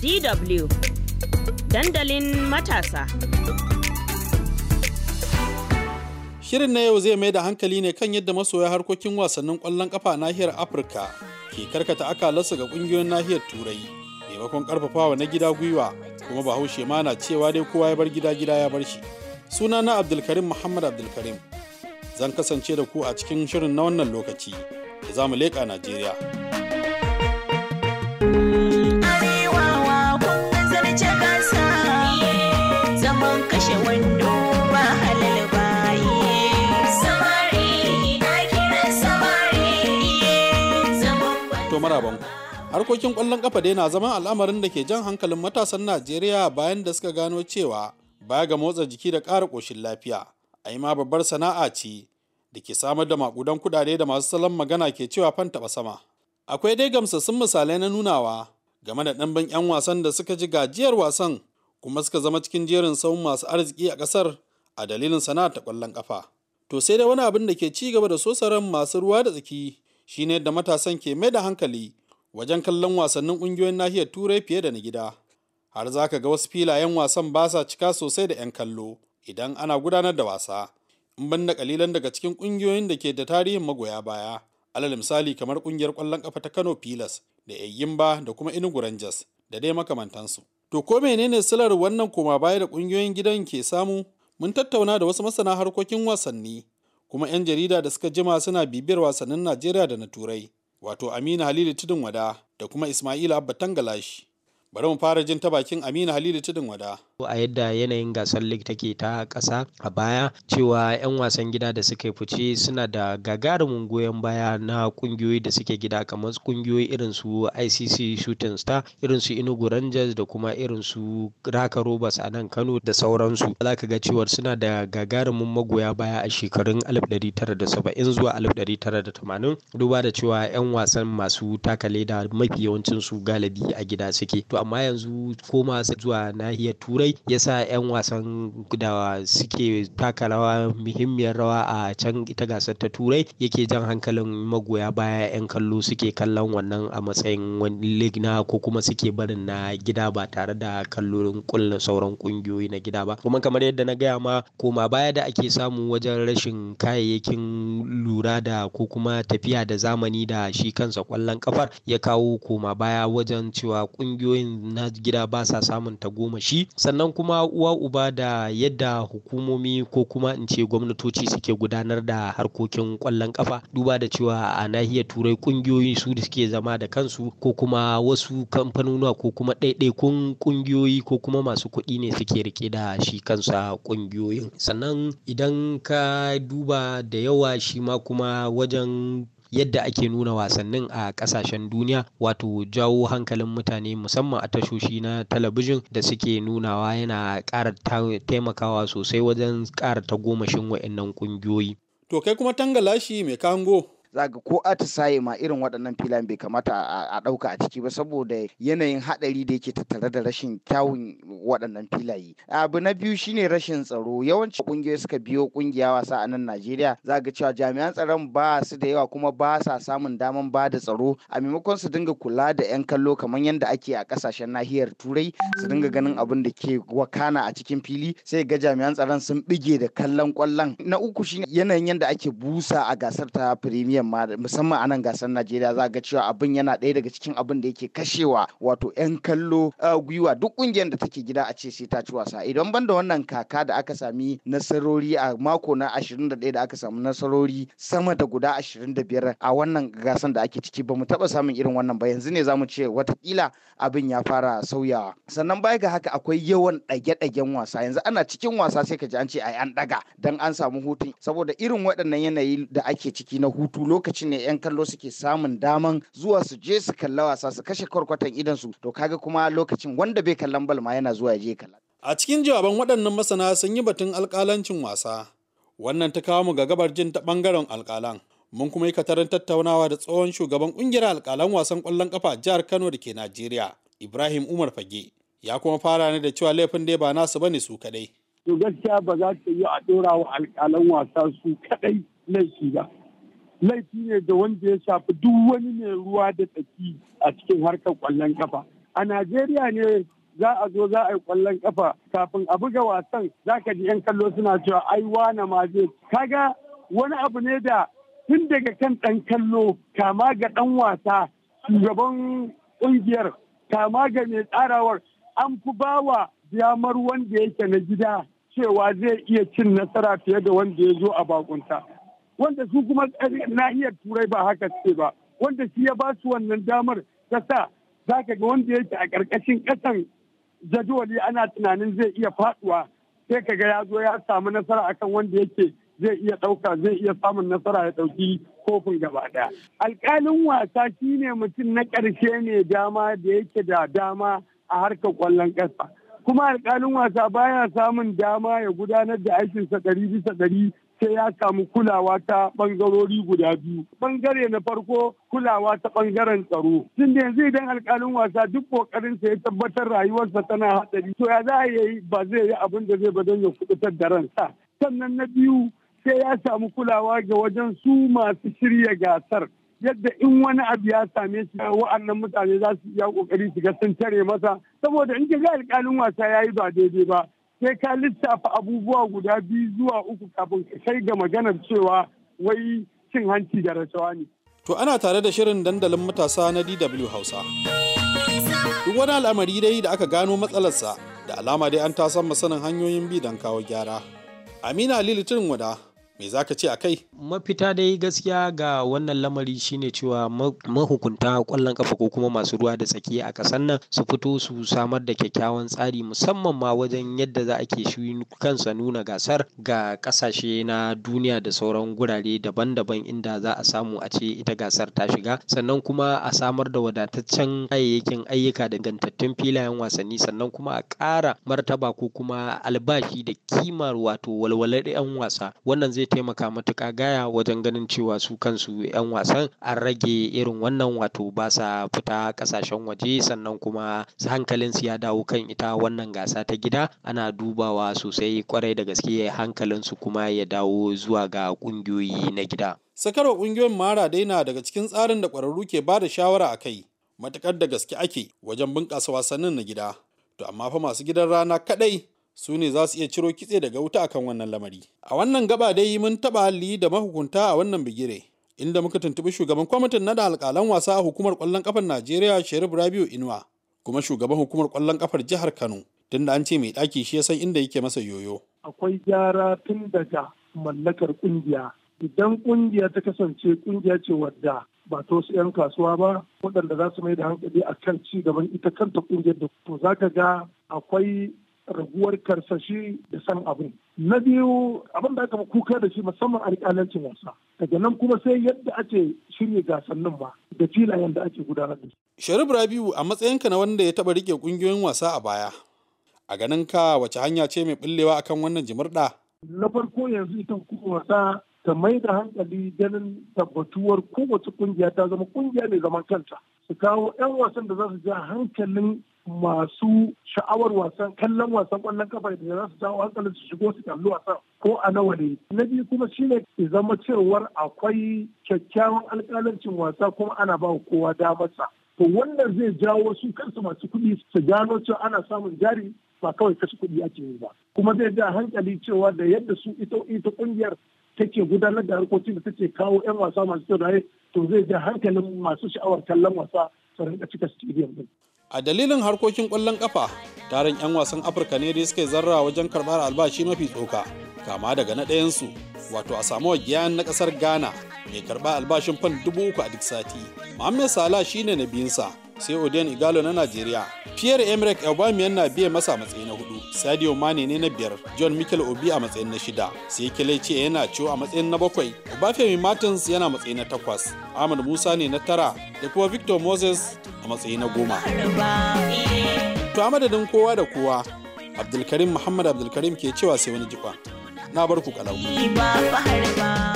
DW dandalin matasa. Shirin na yau zai mai da hankali ne kan yadda masoya harkokin wasannin ƙwallon ƙafa nahiyar Afirka ke karkata akalarsa ga ƙungiyoyin nahiyar Turai. Maimakon ƙarfafawa na gida gwiwa kuma bahaushe ma na cewa dai kowa ya bar gida gida ya bar shi. Suna na Abdulkarim Muhammad Abdulkarim. Zan kasance da ku a cikin shirin na wannan lokaci da za mu leƙa Najeriya. maraban harkokin ƙwallon ƙafa dai na zama al'amarin da ke jan hankalin matasan najeriya bayan da suka gano cewa baya ga motsa jiki da ƙara ƙoshin lafiya a ma babbar sana'a ce da ke samar da maƙudan kuɗaɗe da masu salon magana ke cewa fan taɓa sama akwai dai gamsassun misalai na nunawa game da ɗanban 'yan wasan da suka ji gajiyar wasan kuma suka zama cikin jerin sahun masu arziki a ƙasar a dalilin sana'ar ta ƙwallon ƙafa. To sai dai wani abin da ke ci gaba da sosaran masu ruwa da tsaki shine yadda matasan ke mai da hankali wajen kallon wasannin ƙungiyoyin nahiyar Turai fiye da na gida. Har za ka ga wasu filayen wasan ba sa cika sosai da 'yan kallo idan ana gudanar da wasa. In ban da kalilan daga cikin ƙungiyoyin da ke da tarihin magoya baya. Alal misali kamar ƙungiyar ƙwallon ƙafa ta Kano Pilas da Eyimba da kuma Inugu Rangers da dai makamantansu. To ko menene silar wannan koma baya da ƙungiyoyin gidan ke samu? Mun tattauna da wasu masana harkokin wasanni kuma 'yan jarida da suka jima suna bibiyar wasannin Najeriya da na Turai. Wato Aminu Halilu Tudun Wada da kuma Ismail Abba Tangalashi. Bari mu fara jin ta bakin Aminu Halilu Tudun Wada. a yadda yanayin gasar league take ta ƙasa a baya cewa 'yan wasan gida da suka fice suna da gagarumin goyon baya na kungiyoyi da suke gida kamar kungiyoyi irin su ICC Shooting Star irin su Enugu Rangers da kuma irin su Raka Robas a nan Kano da sauransu za ka ga cewar suna da gagarumin magoya baya a shekarun 1970 zuwa 1980 duba da cewa 'yan wasan masu taka leda mafi yawancin su galibi a gida suke to amma yanzu koma zuwa nahiyar turai kawai ya sa 'yan wasan da suke taka rawa muhimmiyar rawa a can ita gasar ta turai yake jan hankalin magoya baya 'yan kallo suke kallon wannan a matsayin wani league na ko kuma suke barin na gida ba tare da kallon kulla sauran kungiyoyi na gida ba kuma kamar yadda na gaya ma koma baya da ake samu wajen rashin kayayyakin lura da ko kuma tafiya da zamani da shi kansa kwallon kafar ya kawo koma baya wajen cewa kungiyoyin na gida ba sa samun tagomashi sannan sannan kuma uwa uba da yadda hukumomi ko kuma in ce gwamnatoci suke gudanar da harkokin kwallon kafa duba da cewa a nahiyar turai kungiyoyi su da suke zama da kansu ko kuma wasu kamfanonuwa ko kuma ɗaiɗaikun kungiyoyi ko kuma masu kuɗi ne suke rike da shi kansa kungiyoyin sannan idan ka duba da yawa shi ma kuma wajen yadda ake nuna wasannin a kasashen duniya wato jawo hankalin mutane musamman a tashoshi na talabijin da suke nunawa yana ƙara taimakawa sosai wajen ƙara tagomashin wa'annan ƙungiyoyi. To kai kuma tangalashi mai kango za ga ko atisaye ma irin waɗannan filayen bai kamata a ɗauka a ciki ba saboda yanayin haɗari da yake tattare da rashin kyawun waɗannan filaye abu na biyu shine rashin tsaro yawanci ƙungiyoyi suka biyo ƙungiya wasa a nan najeriya za ga cewa jami'an tsaron ba su da yawa kuma ba sa samun daman ba da tsaro a maimakon su dinga kula da 'yan kallo kamar yadda ake a ƙasashen nahiyar turai su dinga ganin abin da ke wakana a cikin fili sai ga jami'an tsaron sun bige da kallon kwallon na uku shine yanayin yadda ake busa a gasar ta premier yamma musamman a nan gasar Najeriya za ga cewa abin yana ɗaya daga cikin abin da yake kashewa wato 'yan kallo gwiwa duk ƙungiyar da take gida a ce sai ta ci wasa idan ban da wannan kaka da aka sami nasarori a mako na 21 da aka samu nasarori sama da guda 25 a wannan gasar da ake ciki ba mu taɓa samun irin wannan ba yanzu ne za mu ce watakila abin ya fara sauyawa sannan baya ga haka akwai yawan ɗage-ɗagen wasa yanzu ana cikin wasa sai ka ji an ce ai an ɗaga dan an samu hutu saboda irin waɗannan yanayi da ake ciki na hutu lokacin ne 'yan kallo suke samun daman zuwa su je su kalla wasa su kashe kwarkwatan idan su to kaga kuma lokacin wanda bai kallon bal ma yana zuwa ya je kalla a cikin jawaban waɗannan masana sun yi batun alƙalancin wasa wannan ta kawo mu ga gabar jin ta ɓangaren alƙalan mun kuma yi katarin tattaunawa da tsohon shugaban ƙungiyar alƙalan wasan ƙwallon ƙafa jihar kano da ke najeriya ibrahim umar fage ya kuma fara ne da cewa laifin dai ba nasu bane su kaɗai to gaskiya ba za ta yi a ɗora wa alƙalan wasa su kaɗai laifi ba laifi ne da wanda ya shafi duk wani mai ruwa da tsaki a cikin harkar kwallon kafa a najeriya ne za a zo za a yi kwallon kafa kafin a buga wasan za ka ji 'yan kallo suna cewa ai wane ma Ka kaga wani abu ne da tun daga kan ɗan kallo kama ga ɗan wasa shugaban ƙungiyar kama ga mai tsarawar an fi bawa damar wanda yake na gida cewa zai iya cin nasara fiye da wanda ya zo a bakunta wanda su kuma eh, nahiyar turai ba haka ce ba wanda shi ya ba su wannan damar ta sa za ka ga wanda yake a ƙarƙashin ƙasan jadawali ana tunanin zai iya faɗuwa sai ka ga ya zo ya samu nasara akan wanda yake zai iya ɗauka zai iya samun nasara ya ɗauki kofin gaba ɗaya. Alƙalin wasa shi ne mutum na ƙarshe ne dama da yake da dama a harkar ƙwallon ƙasa. Kuma alƙalin wasa baya samun dama ya gudanar da aikinsa ɗari bisa ɗari sai ya samu kulawa ta bangarori guda biyu. Bangare na farko kulawa ta bangaren tsaro. Tun da yanzu idan alkalin wasa duk kokarin sa ya tabbatar rayuwarsa tana hatsari to ya za a yi ba zai yi abin da zai ba don ya kubutar da ransa. Sannan na biyu sai ya samu kulawa ga wajen su masu shirya gasar. yadda in wani abu ya same shi wa'annan mutane za su iya kokari su ga sun tare masa saboda in ga alkalin wasa ya yi ba daidai ba sai ka lissafa abubuwa guda biyu zuwa uku kafin ka kai ga maganar cewa wai cin hanci da rashawa ne. To ana tare da shirin dandalin matasa na DW Hausa. Duk wani al'amari dai da aka gano matsalarsa da alama dai an tasan masanin hanyoyin bi don kawo gyara. Amina Lili Wada me za ka ce a kai mafita dai gaskiya ga wannan lamari shine cewa mahukunta kwallon kafa ko kuma masu ruwa da tsaki a kasan nan su fito su samar da kyakkyawan tsari musamman ma wajen yadda za a ke shi kansa nuna gasar ga kasashe na duniya da sauran gurare daban-daban inda za a samu a ce ita gasar ta shiga sannan kuma a samar da wadataccen kayayyakin ayyuka da gantattun filayen wasanni sannan kuma a ƙara martaba ko kuma albashi da kimar wato walwalar 'yan wasa wannan zai taimaka matuƙa gaya wajen ganin cewa su kansu 'yan wasan an rage irin wannan wato ba sa fita kasashen waje sannan kuma hankalinsu ya dawo kan ita wannan gasa ta gida ana dubawa sosai kwarai da gaske hankalinsu kuma ya dawo zuwa ga ƙungiyoyi na gida. Sakarwa ƙungiyoyin mara daina daga cikin tsarin da kwararru ke ba da shawara a kai matukar da gaske ake wajen bunƙasa wasannin na gida. To amma fa masu gidan rana kaɗai su ne za su iya ciro kitse daga wuta akan wannan lamari a wannan gaba dai mun taba halli da mahukunta a wannan bigire inda muka tuntubi shugaban kwamitin na da alƙalan wasa a hukumar kwallon kafar najeriya sherif rabiu inuwa kuma shugaban hukumar kwallon ƙafar jihar kano tunda an ce mai ɗaki shi ya san inda yake masa yoyo akwai gyara tun daga mallakar kungiya idan kungiya ta kasance kungiya ce wadda ba ta wasu 'yan kasuwa ba waɗanda za su mai da hankali a kan ci gaban ita kanta kungiyar da to za ka ga akwai rabuwar karsashi da san abin na biyu abin da aka fi kuka da shi musamman alƙalancin wasa daga nan kuma sai yadda ake shirya gasannin ba da filayen da ake gudanar da sharif rabiu a matsayinka na wanda ya taɓa riƙe ƙungiyoyin wasa a baya a ganin ka wace hanya ce mai ɓullewa akan wannan jimurɗa na farko yanzu ita kuka wasa ta mai da hankali ganin tabbatuwar kowace ƙungiya ta zama kungiya mai zaman kanta su kawo 'yan wasan da za su ja hankalin masu sha'awar wasan kallon wasan kwallon kafa da za su jawo hankalin su shigo su kalli wasan ko a nawa ne na biyu kuma shine ke zama cewar akwai kyakkyawan alƙalancin wasa kuma ana ba kowa damarsa to wannan zai jawo su kansu masu kuɗi su gano cewa ana samun jari ba kawai kashe kuɗi ake yi ba kuma zai ja hankali cewa da yadda su ita ita ƙungiyar take gudanar da harkokin da take kawo 'yan wasa masu kyau to zai ja hankalin masu sha'awar kallon wasa su rinka cika stadium din. a dalilin harkokin kwallon kafa taron 'yan wasan afirka ne da suke zarra wajen karɓar albashi mafi tsoka kama daga na ɗayansu wato a samuwa giyan na ƙasar ghana mai karba albashin fan dubu uku a duk sati mohammed salah shine na biyunsa sai odion igalo na najeriya pierre emerick aubameyang na biye masa matsayi na hudu sadio mane ne na biyar john michael obi a matsayin na shida sai ce yana ciwo a matsayin na bakwai obafemi martins yana matsayi na takwas ahmad musa ne na tara da kuma victor moses a matsayi na goma to a madadin kowa da kowa abdulkarim muhammad abdulkarim ke cewa sai wani jifa na bar ku kalau